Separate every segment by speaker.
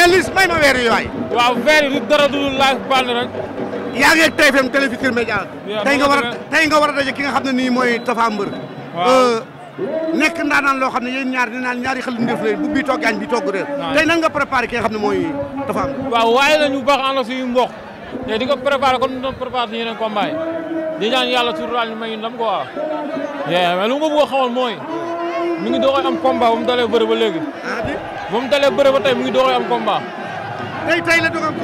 Speaker 1: mais Liss may ma weer yi waay. waaw weer yi du dara du laaj tey nga war a tey nga war a ki nga xam ne ni mooy Tapha Mbeur. Euh, nekk nekk naan loo xam ne yéen ñaar dinaan ñaari xel ndef leen bu bii togg añ bi togg réer. tey nan nga préparé ki nga xam ne mooy Tapha Mbeur. waaw waaye la ñu baax ànd suñu mbokk. te di ko préparé comme ni doon préparé suñu yeneen combat yi. di ñaan yàlla suuraal ñu may ñu ndam quoi. mais lu nga bëgg a xamal mooy. mi ngi doog am combat ba mu ba léegi. Ah, moom dalee bëre a tey mu ngi doog am combat.
Speaker 2: tey tey la doog am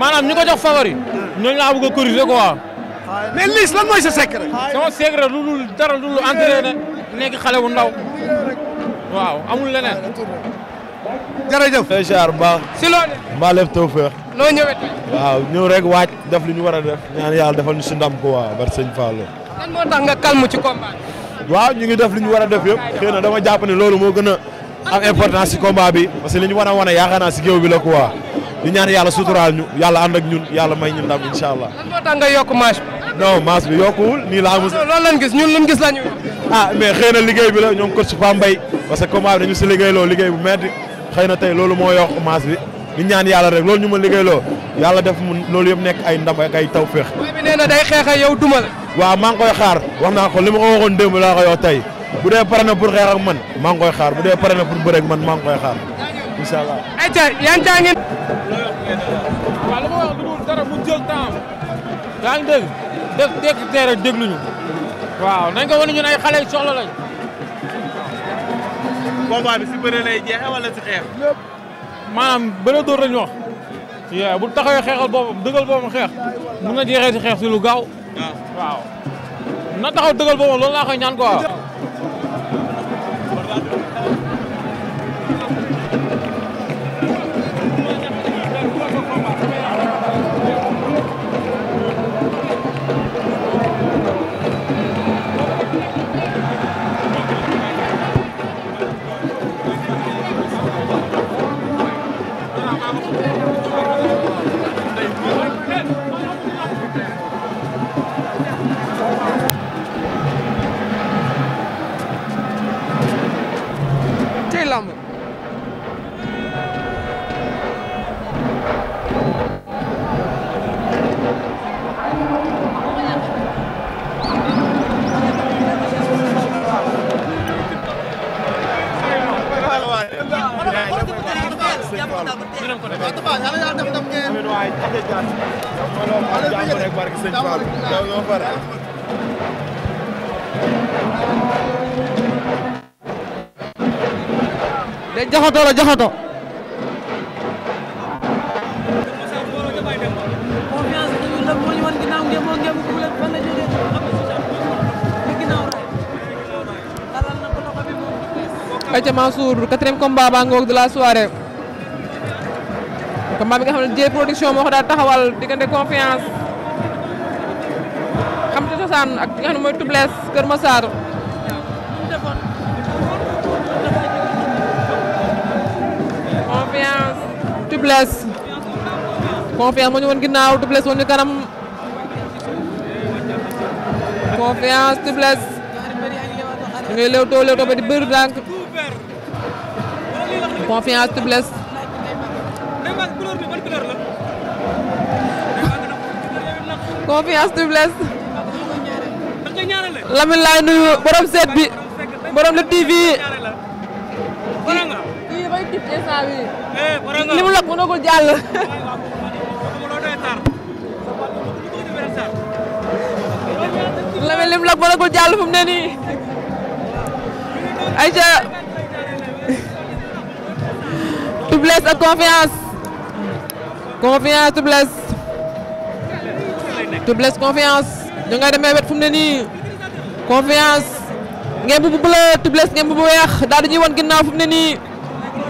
Speaker 1: maanaam ñu ko jox favori. Ah. ñooñu laa bëgg a corriger quoi.
Speaker 2: mais Liss lan sa secret.
Speaker 1: sama secret lu dul dara lu dul xale bu ndaw. waaw amul leneen. jërëjëf. Ba. si loolu. maa leb tawfeex. loo ñëwee ñëw rek waaj def lu ñu war a def. ñaan yàlla defal ñu si ndam ko waa bar sëñ Fallou. lan ci combat waaw ñu ngi def lu ñu war a def yëpp xëy na dama jàpp ne loolu moo gën a. am importance ci combat bi parce que li ñu war a wane yaakaar naa ci géew bi suturaal ñu yàlla ànd ak ñun yàlla may ñu ndam incha allah. lan moo tax nga yokk match bi. non match bi la amul. loolu ah, mais xëy na liggéey bi la ñoom coach Pam Mbaye parce que combat bi dañu ci liggéeyloo liggéey bu metti xëy na tey loolu moo yokk match bi di rek loolu ñu ma liggéeyloo yàlla def mu loolu yëpp nekk ay ndam ay tawféex. booy bi nee na day xeex ak yow duma la. waaw xaar wax naa ko li ma ko waxoon démb laa ko yow bu dee pare na pour xeex ak man maa ngi koy xaar bu dee pare na pour bëre ak man maa ngi koy xaar incha allah. ayca yaa ngi caa ngeen. waaw li ma wax dugub dara mu jël temps yaa ngi dégg dégg dégg a dégluñu waaw nañ ko wane ñun ay xale yu soxla lañ. combat bi si bëre lay jeexee wala si xeex. maanaam bëre dóor lañ bu taxawee xeexal boppam dëggal boppam xeex mun na jeexee si xeex silu lu gaaw. Ah. waaw na taxaw dëggal boppam loolu laa koy ñaan quoi. de joxoto la joxoto Aïcha Mansour quatrième combat baa ngoog de la soirée combat bi xam ne Dieye production moo ko daal taxawal diggante confiance xam te cosaan ak nga xam ne mooy Tubless Kër Massar. confiance Tubless confiance moo ñu woon ginnaaw Tubless woon ñu kanam confiance Tubless ñu ngi lewtoo lewtoo ba di bëri dànk confiance Tubless. confiance doublesse Lamine laay nuyu borom seet borom le TV li mu lakk mënagul jàll Lamine li mu lakk mënagul jàll fu ne nii Aïcha doublesse ak confiance confiance doublesse Doubless Confiance ñu ngay demee wet fu ne nii Confiance ngemb bu bleu Doubless ngemb bu weex daal ñuy wan ginnaaw fu ne nii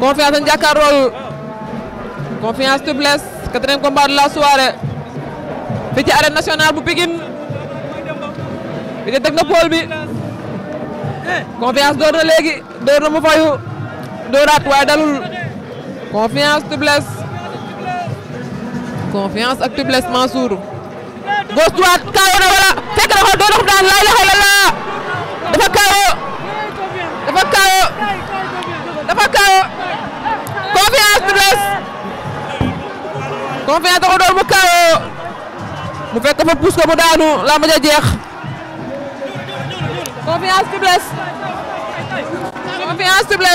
Speaker 1: Confiance dañu jàkkaarlool Confiance Doubless quatrième combat la soirée fii ci arène nationale bu Pikine fii ci technopole bi Confiance door na léegi door na mu fayu dooraat waaye dalul Confiance Doubless Confiance ak Doubless Mansour gauche droite kaawoo na wala fekk na ko doo dox daan laa ilaha illallah dafa kaawoo dafa kaawoo dafa kaawoo confiance du des confiance mu kaawoo mu fekk fa puus ko mu daanu laa mën a jeex confiance du des confiance du des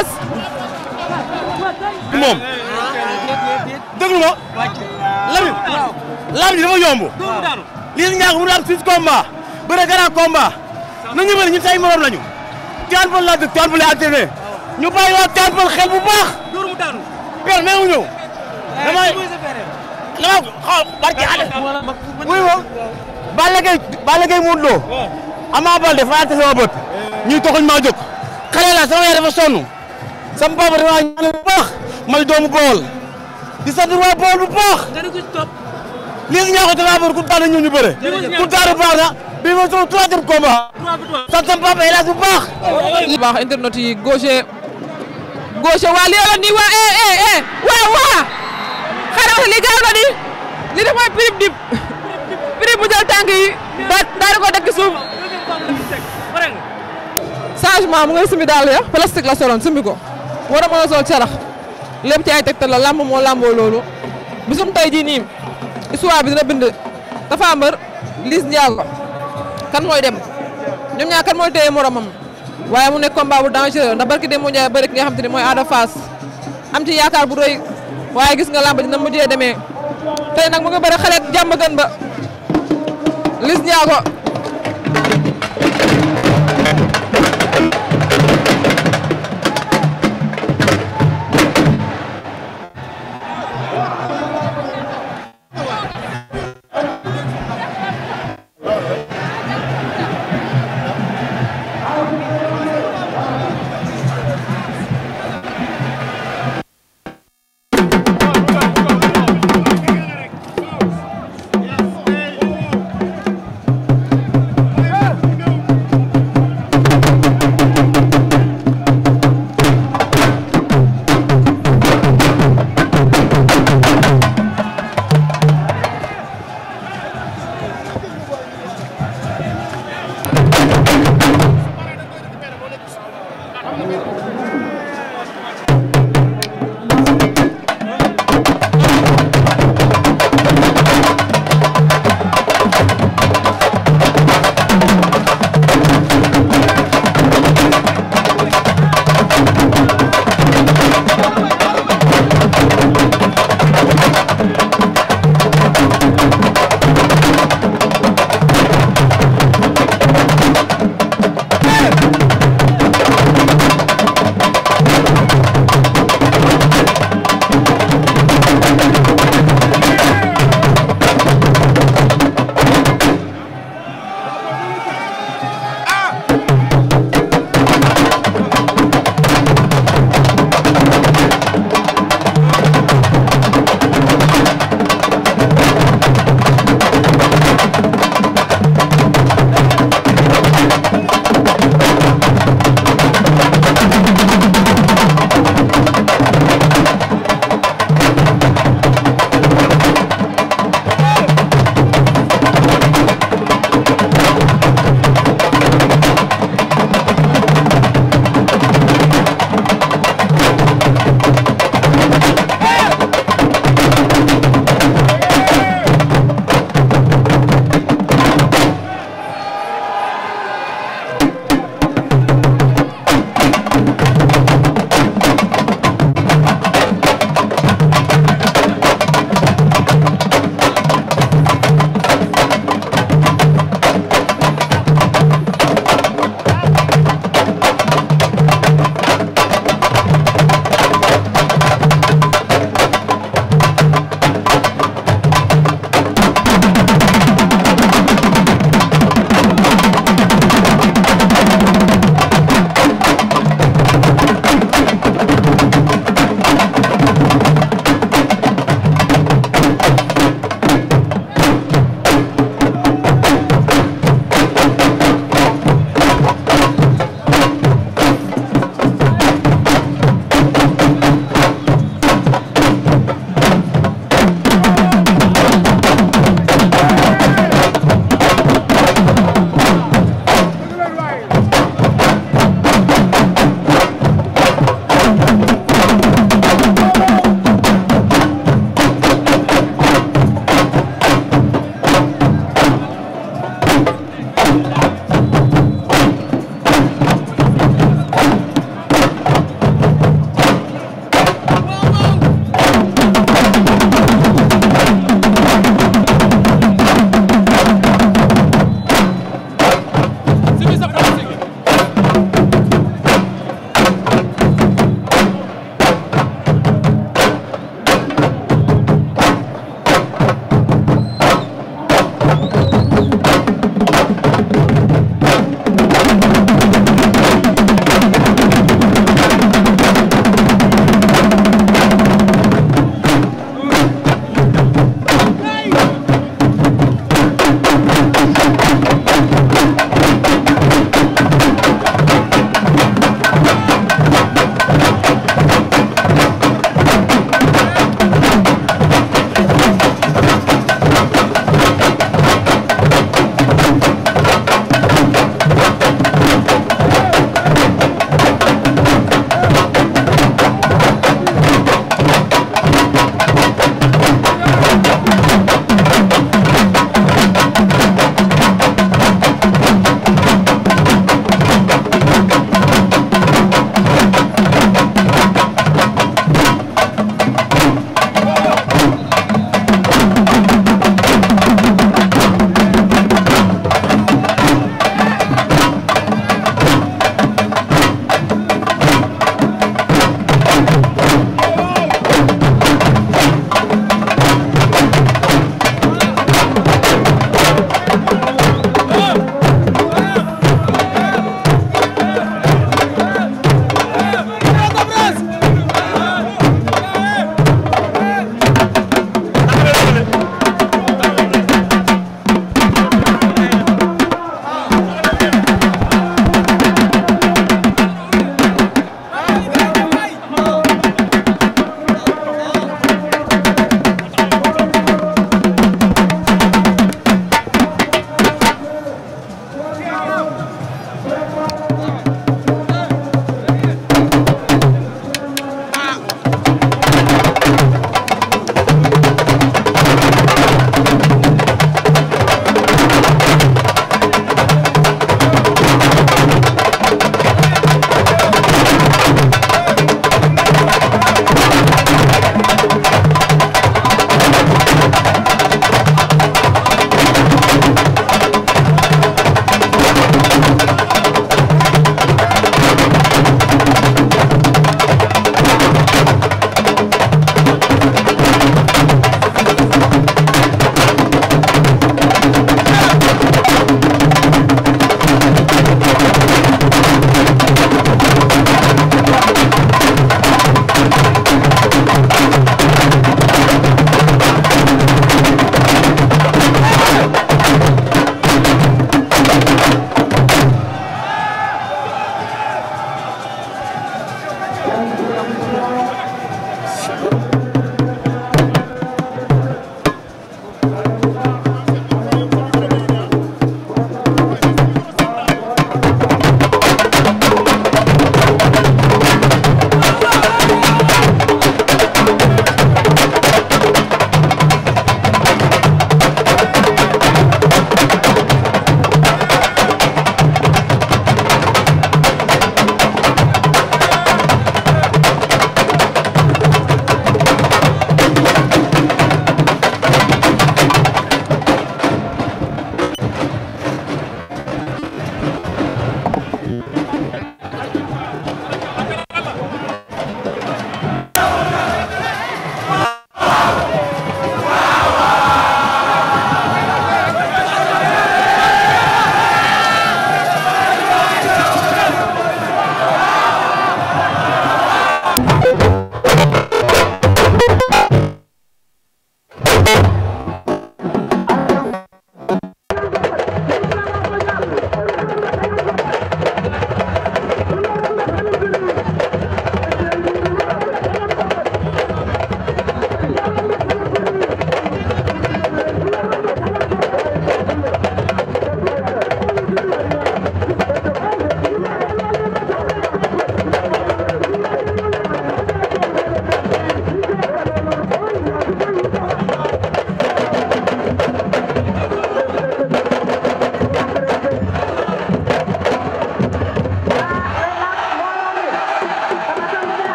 Speaker 1: moom déglu ma lamit lamit dafa yomb Liss Ndiago mënul am six ba bëre grand combat na ñu bëri ñun say morom lañu Tivaouane Peulh laa dëkk Tivaouane Peulh laa TV ñu bàyyi waa Tivaouane Peulh xel bu baax. dóor mu daanu. père nee wu ñëw. Eh, damay damay xaw barki àll. wuy ma Balla Gaye Balla Gaye Modou Lo. Ama Baldé fa àtte sama bët. Eh. ñuy toxuñ maa jóg. xale la sama yaay dafa sonn. sama papa dafa ñaan bu baax. may doomu Bawol. di sant waa Bawol bu baax. lii ñaa ko talaa bëri baax na bii mooy sama troisième combat. sant sama papa El Hadj bu bu baax internet yi gaucher waa lii la nii waa eh eh eh waa waa xanaa li gaaw na ni li def mooy prime dip prime mu jël tànk yi ba ko dëkk suuf. changement mu ngay sumi daal ya plastique la soloon sumi ko war a mën carax lépp ci ay tegtal la làmb moo làmboo loolu bisum tey jii nii. histoire bi dina bind Tapha Mbeur Liss Ndiago kan mooy dem ñoom ñaar kan mooy téye moromam waaye mu nekk baa bu dangereux na barki dem Ndiaye bëri ki nga xam te ne mooy Ada Fass am ci yaakaar bu rëy waaye gis nga na dina mujjee demee te nag mu ngi bëri xale jàmm gën ba Liss Ndiago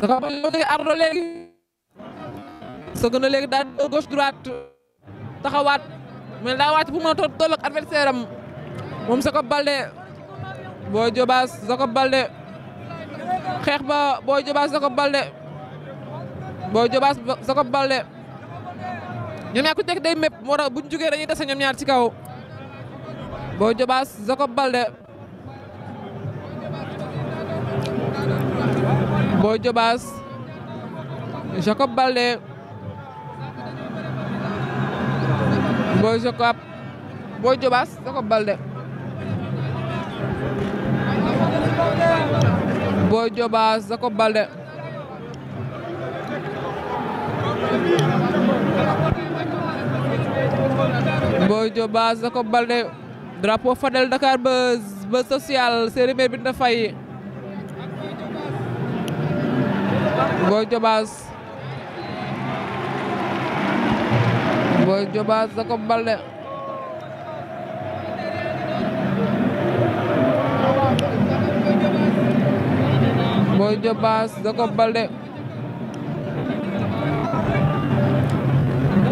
Speaker 1: dafa bañ a ardo na léegi daal taxawaat mais daa wàcc bu mën a toll toll ak adversaire am Jacob Baldé xeex ba boo Diobass Jacob Baldé boo Diobass Jacob Baldé ñoom ñaar ku nekk day mépp moo tax bu ñu jugee dañuy dese ñoom ñaar ci kaw boo Diobass Jacob Baldé boo Diobass Jacob Baldé boo Jacob Boy Diobass Jacob Baldé Boy Diobass Jacob Baldé Boy Diobass Jacob Baldé drapeau Fadel Dakar Buzz Buzz social Boy Diobass Boy Diobass Jacob Baldé Boy Diobass Jacob Baldé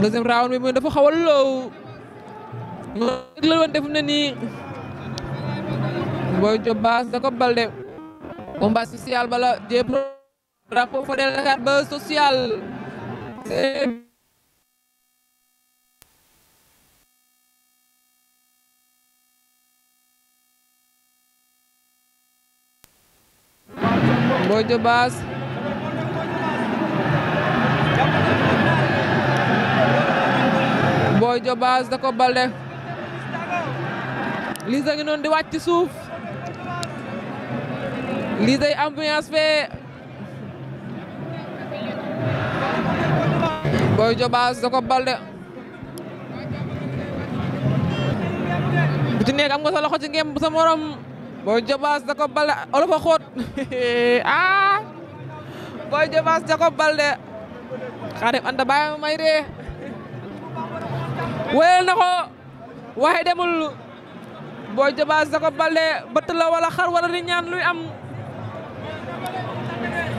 Speaker 1: deuxième round bi mooy dafa xaw a low la woon def na nii Boy Diobass Jacob Baldé combat social bala jéem drapeau Fodel social. Mbodj Baas Mbodj Baas da ko balde Liza ngi noonu di wàcc suuf Liza ambiance fee Boy Jobaas da ko bal de bu ci nekk morom Boy Jobaas da ko bal de olo fa xóot ah Boy Jobaas da ko bal de Xaadim Anta bàyyi na ko waaye demul Boy Jobaas da ko bal de xar wala di luy am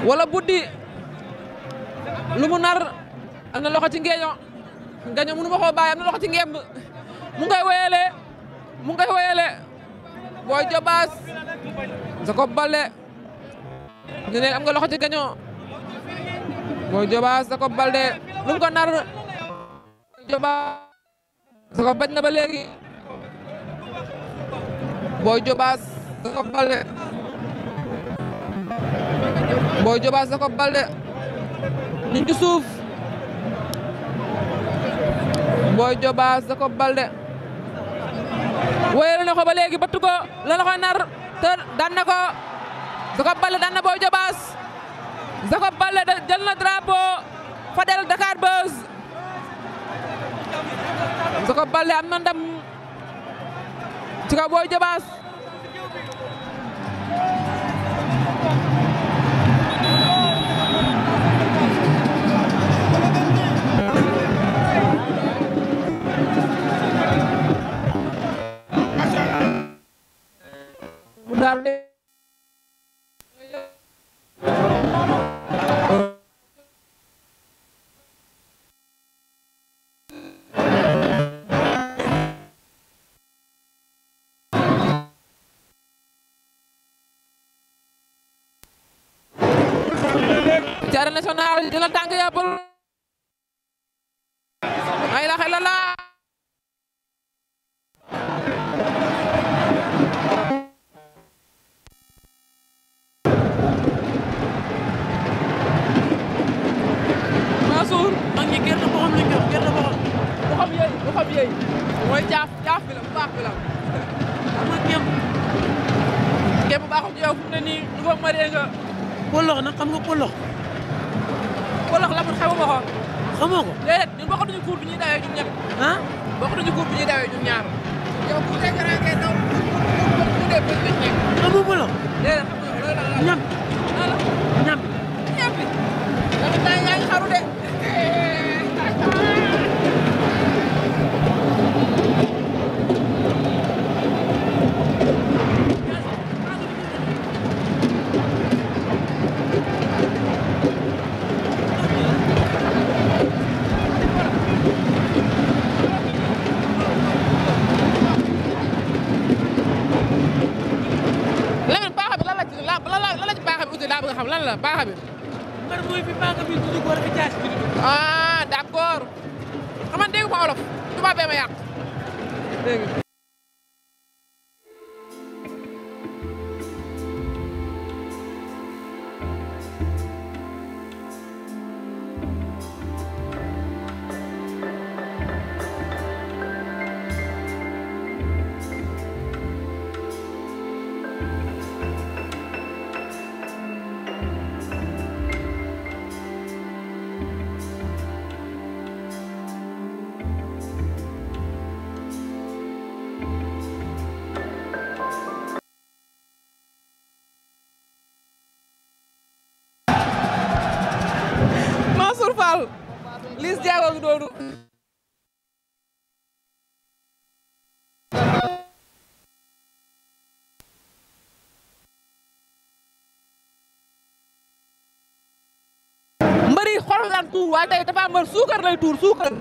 Speaker 1: wala buddi lu mu nar am na loxo ci ngeeño ngaño mënu ma koo am na loxo ci ngemb mu ngay wéyalee mu ngay wéyalee booy jobaas Jacob Baldé ñu ne am nga loxo ci gaño booy jobaas Jacob Baldé lu mu nar jobaas Jacob bañ na ba léegi booy jobaas Jacob Baldé booy jobaas Jacob Baldé ñu Boy Jobaas da ko balde wéyal na ko ba léegi bëtt ko la ko nar te daan na ko da ko balde daan na Boy Jobaas da ko balde jël na drapeau Fadel Dakar Buzz da ko balde am na ndam ci kaw Boy darde Arène Nationale jëlal tànk ya bul ay xelala loxo bi yooyu mooy jaaf jaaf bi bu baax bi la xam nga kéem kéem bu baaxul yow fu mu ne nii du ko mënee nga. polox nag xam nga polox. polox la mun xamuma ko. xamoo ko déedéet ñun bokkatuñu cour bi ñuy dawee ñun ñëpp. ah bokkatuñu cour bi ñuy ñaar. tuur waaye tey Tapha Mbeur suukar lay tuur suukar.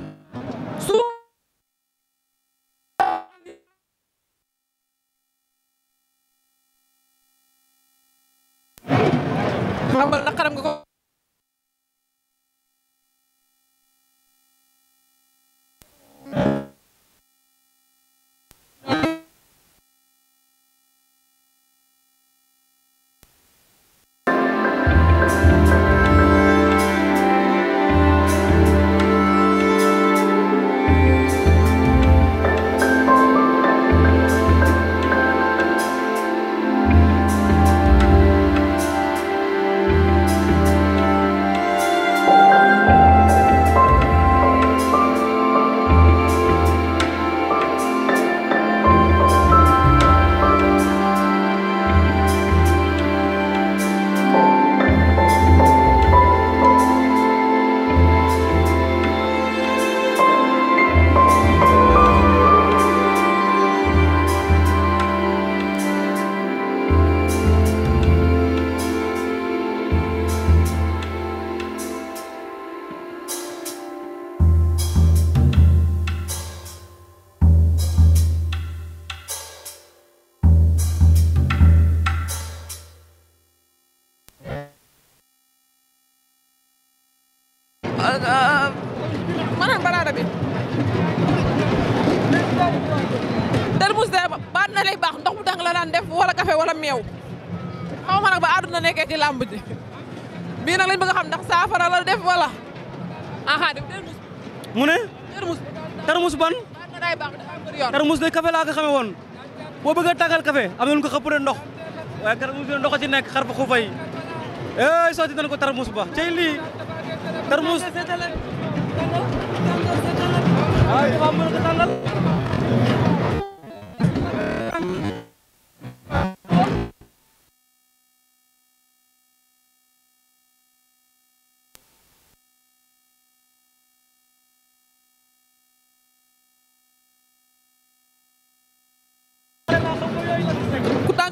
Speaker 1: làmb ji bii nag lañ bëgg a xam ndax saafara la def wala aha ah, def termus mu ne termus termus ban termus de café laa ko xamee woon boo bëgg a tàngal café lu ko xëpp de ndox waaye termus bi ndox ci nekk xar fa xuufa yi ey sotti nañ ko termus ba cey lii termus ay ba mën ko tàngal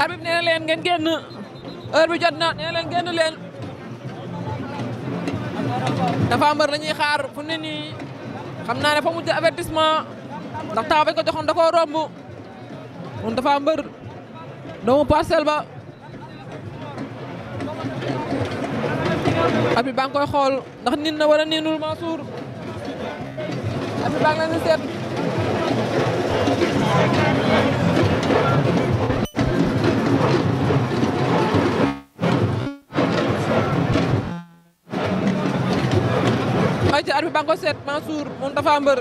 Speaker 1: arbit nee leen ngeen génn heure bi jot na nee leen génn leen dafa mbër lañuy xaar fu ne nii xam naa ne fa mu jël avertissement ndax taxaw bañ joxoon da romb moom dafa mbër doomu parcelle ba arbit baa ngi xool ndax nin na wala ninul Mansour arbit baa ngi leen bi ba nga ko seet Mansour moom dafa mbër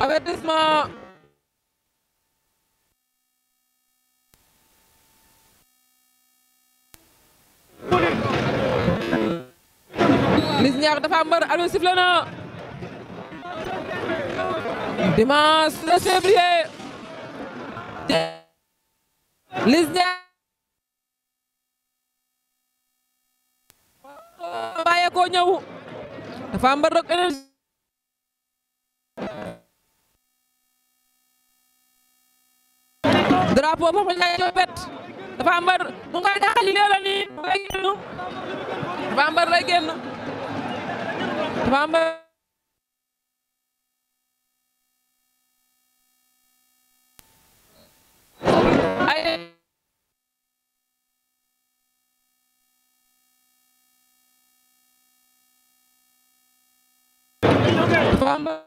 Speaker 1: avertissement Liss Ndiago dafa na dimanche 13 février. Liss Ndiago bàyyi ko ñëw dafa mbar rek énergie drapeau Papa Ndiaye ñëw bet dafa mbar mu ngay daxali lee nii dafa mbar lay génn dafa mbar
Speaker 2: ay Bamba